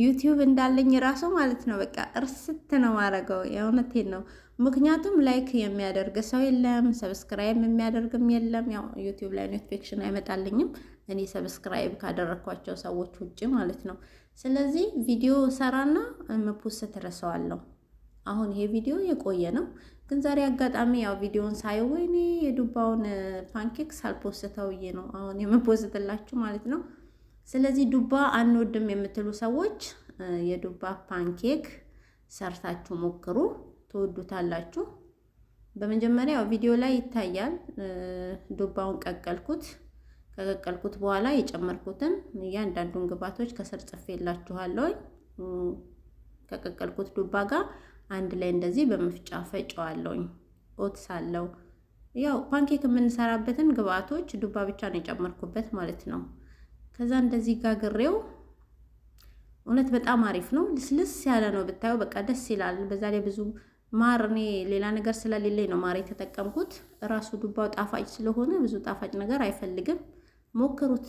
ዩቲዩብ እንዳለኝ ራሱ ማለት ነው። በቃ እርስት ነው ማረገው። የእውነቴን ነው። ምክንያቱም ላይክ የሚያደርግ ሰው የለም፣ ሰብስክራይብ የሚያደርግም የለም። ያው ዩቲዩብ ላይ ኖቲፊኬሽን አይመጣልኝም እኔ ሰብስክራይብ ካደረግኳቸው ሰዎች ውጭ ማለት ነው። ስለዚህ ቪዲዮ ሰራና መፖስት እረሳዋለሁ። አሁን ይሄ ቪዲዮ የቆየ ነው፣ ግን ዛሬ አጋጣሚ ያው ቪዲዮን ወይኔ የዱባውን ፓንኬክስ ሳልፖስተው ብዬ ነው አሁን የመፖስትላችሁ ማለት ነው። ስለዚህ ዱባ አንወድም የምትሉ ሰዎች የዱባ ፓንኬክ ሰርታችሁ ሞክሩ፣ ትወዱታላችሁ። በመጀመሪያ ቪዲዮ ላይ ይታያል። ዱባውን ቀቀልኩት። ከቀቀልኩት በኋላ የጨመርኩትን እያንዳንዱን ግብአቶች ከስር ጽፌላችኋለሁ። ከቀቀልኩት ዱባ ጋር አንድ ላይ እንደዚህ በመፍጫ ፈጨዋለሁኝ። ኦትስ አለው። ያው ፓንኬክ የምንሰራበትን ግብአቶች ዱባ ብቻ ነው የጨመርኩበት ማለት ነው። ከዛ እንደዚህ ጋግሬው እውነት በጣም አሪፍ ነው። ልስልስ ያለ ነው ብታዩ፣ በቃ ደስ ይላል። በዛ ላይ ብዙ ማር እኔ ሌላ ነገር ስለሌለኝ ነው ማር የተጠቀምኩት። ራሱ ዱባው ጣፋጭ ስለሆነ ብዙ ጣፋጭ ነገር አይፈልግም። ሞክሩት።